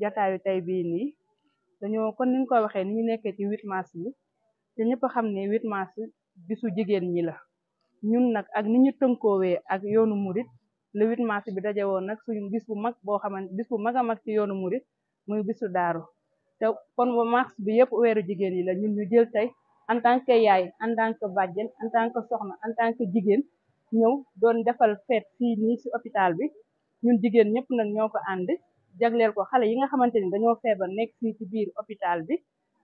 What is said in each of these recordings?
jataayu tey bii nii dañoo kon niñ ko waxee ni ñu nekkee ci 8 mars bi te ñëpp xam ne 8 mars bisu jigéen ñi la ñun nag ak ni ñu tënkoowee ak yoonu murit le 8 mars bi daje woon nag su bis bu mag boo xamante bis bu mag a mag ci yoonu murit muy bisu daaru te kon mars bi yëpp weeru jigéen yi la ñun ñu jël tey en tant que yaay en tant que bàjjen en tant que soxna en tant que jigéen ñëw doon defal feet fii nii si hôpital bi ñun jigéen ñëpp nag ñoo ko ànd jagleel ko xale yi nga xamante ni dañoo feebar nekk fii ci biir hôpital bi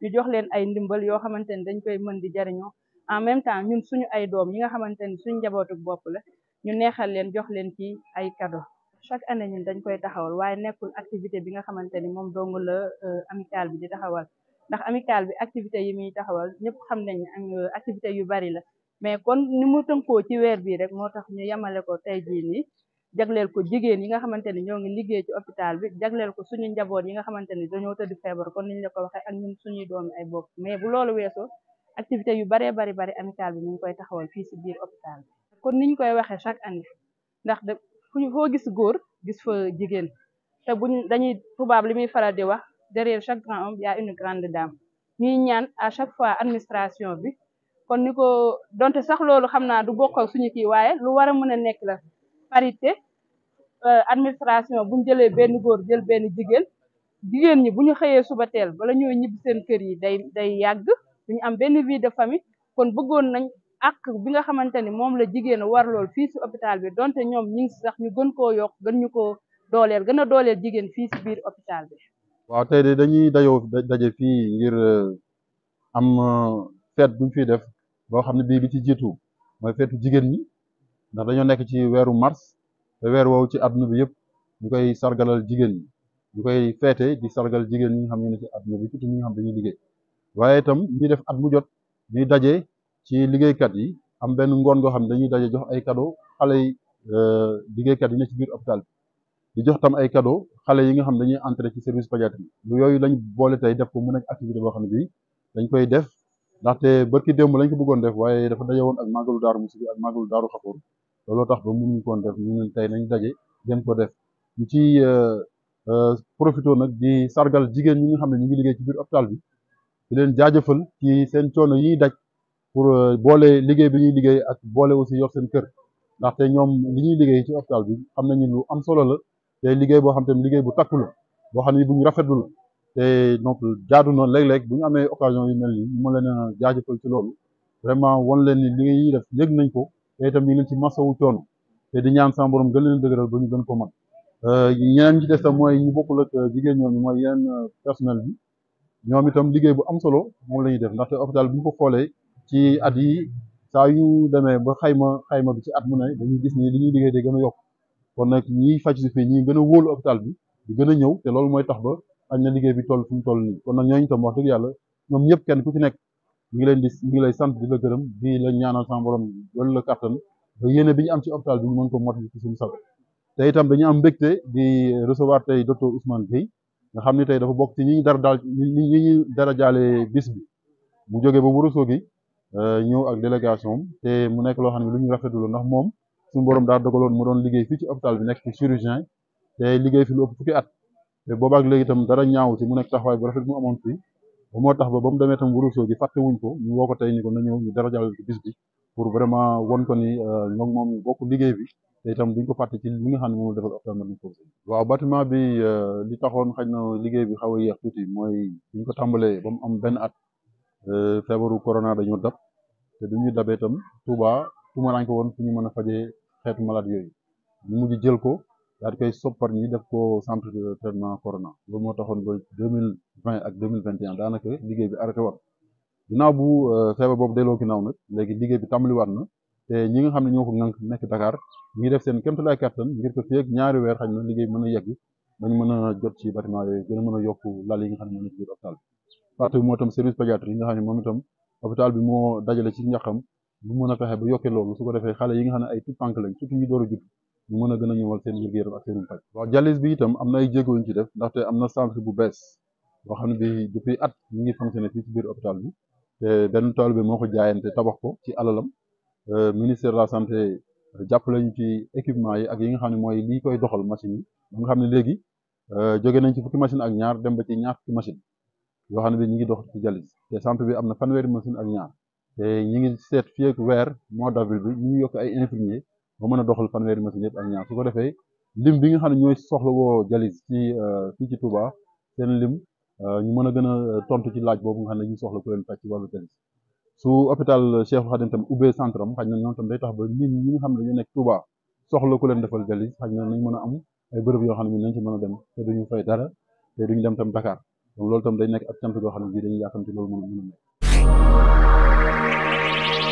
ñu jox leen ay ndimbal yoo xamante ni dañ koy mën di jariñoo en même temps ñun suñu ay doom yi nga xamante ni suñu njabootu bopp la ñu neexal leen jox leen ci ay kado chaque année ñun dañ koy taxawal waaye nekkul activité bi nga xamante ni moom dong la euh, amicale bi di taxawal ndax amicale bi activité yi muy taxawal ñëpp xam nañ euh, activité yu bari la mais kon ni mu tënkoo ci weer bii rek moo tax ñu yemale ko tey jii nii jagleel ko jigéen yi nga xamante ni ñoo ngi liggéey ci hôpital bi jagleel ko suñu njaboot yi nga xamante ni dañoo tëdd feebar kon niñ la ko waxee ak ñun suñuy doomi ay bopp mais bu loolu weesoo activité yu baree bari bari amical bi mi koy taxawal fii si biir hôpital bi kon niñ koy waxee chaque année ndax de fu ñu foo gis góor gis fa jigéen te buñ dañuy tubaab li muy faral di wax derrière chaque grand homme y a une grande dame ñuy ñaan à chaque fois administration bi kon ni ko donte sax loolu xam naa du bokk ak suñu kii lu war a mën a nekk la Euh, administration bu jëlee benn góor jël benn jigéen jigéen ñi bu ñu xëyee suba teel bala ñoo ñibbi seen kër yi day day yàgg duñu am benn vie de famille kon bëggoon nañ ak bi nga xamante ni moom la jigéen war lool fii si hôpital bi donte ñoom ñi ngi si sax ñu gën koo yokk gën ñu koo dooleel gën a dooleel jigéen fii si biir hôpital bi. waaw tey dañuy dayoo daje fii ngir euh, am euh, feet bu ñu def boo xam ne bii bi ci jiitu mooy feetu jigéen ñi ndax dañoo nekk ci weeru mars. te weer woowu ci àdduna bi yëpp ñu koy sargalal jigéen ñi ñu koy feete di sargal jigéen ñi nga xam ne ci àdduna bi surtout ñi nga xam dañuy waaye itam ñuy def at mu jot ñuy daje ci liggéeykat yi am benn ngoon goo xam ne dañuy daje jox ay cadeau xale yi euh, liggéeykat yi ne ci biir hôpital jox tam ay cadeau xale yi nga xam dañuy entrer ci service pédiatrie lu yooyu lañ boole tey def ko mu nekk activité boo xam ne bi dañ koy def ndaxte barki démb lañ ko bëggoon def waaye dafa daje woon ak màggalu daaru musi bi ak màggalu daaru xafoor looloo tax ba ñu koon def ñu ne tey nañ daje jëm ko def ñu ci euh, euh, profité nag di sargal jigéen ñi nga xam ne ñu ngi liggéey ci biir hôpital bi di leen jaajëfal ci seen coono yiy daj pour euh, boole liggéey bi ñuy liggéey ak boole aussi yor seen kër ndaxte ñoom li liggéey ci hôpital bi xam nañu lu am solo la te liggéey boo xam te liggéey bu takku la boo xam ne bu ñu rafetlu la te donc jaadu na léeg-léeg bu ñu amee occasion yu mel ni ñu mën leen a jaajëfal ci loolu vraiment won leen ni li ñuy def yëg nañ ko. te itam ñu ngi leen ci masawu coono te di ñaan sama borom gën leen dëgëral ba ñu gën ko mën euh, ñeneen ci des tam mooy ñu bokkul ak euh, jigéen ñoom mooy yeneen euh, personnel bi ñoom itam liggéey bu am solo moom la ñuy def ndaxte hôpital bu ñu ko xoolee ci at yi saa yu demee ba xayma xayma bi ci at mu ne dañuy gis ni li ñuy liggéey de gën a yokk kon nag ñiy faj si fii ñi gën a wóolu hôpital bi di gën a ñëw te loolu mooy tax ba añ na liggéey bi toll fu mu toll nii kon nag ñooñu itam wax yàlla ñoom ñëpp kenn ku ci nekk mu ngi leen di ñu ngi lay sant di la gërëm di la ñaanal sama borom loolu la kàttan ba yéene bi ñu am ci hôpital bi ñu mën ko motali ci suñu sago te itam dañu am mbégte di recevoir tey docteur Ousmane Gueye nga xam ne tey dafa bokk ci ñi ñu dara daal ñi ñu dara jaale bis bi mu jógee ba wërësoo gi euh, ñëw ak délégation te mu nekk loo xam ne lu ñu rafetlu ndax moom suñu borom daa dogaloon mu doon liggéey fii ci hôpital bi nekk ci chirurgien te liggéey fi lu ëpp fukki at te boobaak léegi itam dara ñaaw ci mu nekk taxawaay bu rafet mu amoon fii ba moo tax ba ba mu demee tam wuru show gi fàtte wuñ ko ñu woo ko tey ni ko na ñëw ñu dara jàll ko bis pour vraiment won ko ni euh, ñoom moom bokk liggéey bi te itam duñ ko fàtte ci li nga xam ne moom la defal Hôpital Matlaboul ma waaw bâtiment bi euh, li taxoon xañ na liggéey bi xaw a yéex tuuti mooy buñ ko tàmbalee ba mu am benn at euh, feebaru corona dañu dab te du ñuy dabee itam Touba tuumaraañ ko woon fu ñu mën a fajee xeetu malade yooyu ñu mujj jël ko daal di koy soppar ñi def ko centre de traitement corona loolu moo taxoon ba deux mille vingt ak deux mille un daanaka liggéey bi arrêté woon ginnaaw bu euh, feebar boobu delloo ginnaaw nag léegi liggéey bi tàmbaliwaat na te ñi nga xam ne ñoo ko ŋànk nekk Dakar ñi def seen kéemtalaay kattan ngir ko fii ñaari weer xañ na liggéey mën a yegg dañu mën a jot ci batiment yooyu gën mën a yokk lal yi nga xam ne mën moo itam service pédiatrie yi nga xam ne moom itam hôpital bi moo dajale ci njaqam bu mën a fexe ba yokkee loolu su ko defee xale yi nga xam ne ay tout ñu mën a gën a ñëwal seen wér-gu-yaram ak seen paj waaw dialyse bi itam am na ay jéego ñu ci def ndaxte am na centre bu bees boo xam ne bi depuis at ñu ngi fonctionné fii ci biir hôpital bi te benn tool bi moo ko jaayante tabax ko ci alalam euh, ministère la santé jàpp ñu ci équipement yi ak yi nga xam ne mooy lii koy doxal machine yi ba nga xam ne léegi euh, jóge nañ ci fukki machine ak ñaar dem ba ci ñaar fukki machine yoo xam ne bi ñu ngi dox ci dialyse te bi am na fanweeri machine ak ñaar te ngi seet fii weer mois d' avril bi ñu yokk ay infirmier ba mën a doxal fanweeri machine yëpp ak ñaar su ko defee lim bi nga xam ne ñooy soxla woo jalis ci euh, fii ci Touba seen lim euh, ñu mën a gën a euh, tontu ci laaj boobu nga xam ne ñu soxla ku leen faj ci wàllu jalis su hôpital Cheikhoul Khadim tam ubbee centre am xaj na ñoom tam day tax ba nit ñi nga xam ne dañu nekk Touba soxla ku leen defal jalis xaj na nañ mën a am ay bërëb yoo xam ne nañ ci mën a dem te duñu fay dara te duñu dem tam Dakar donc loolu tam day nekk ak cant goo xam ne bii dañuy yàkkamti loolu mën a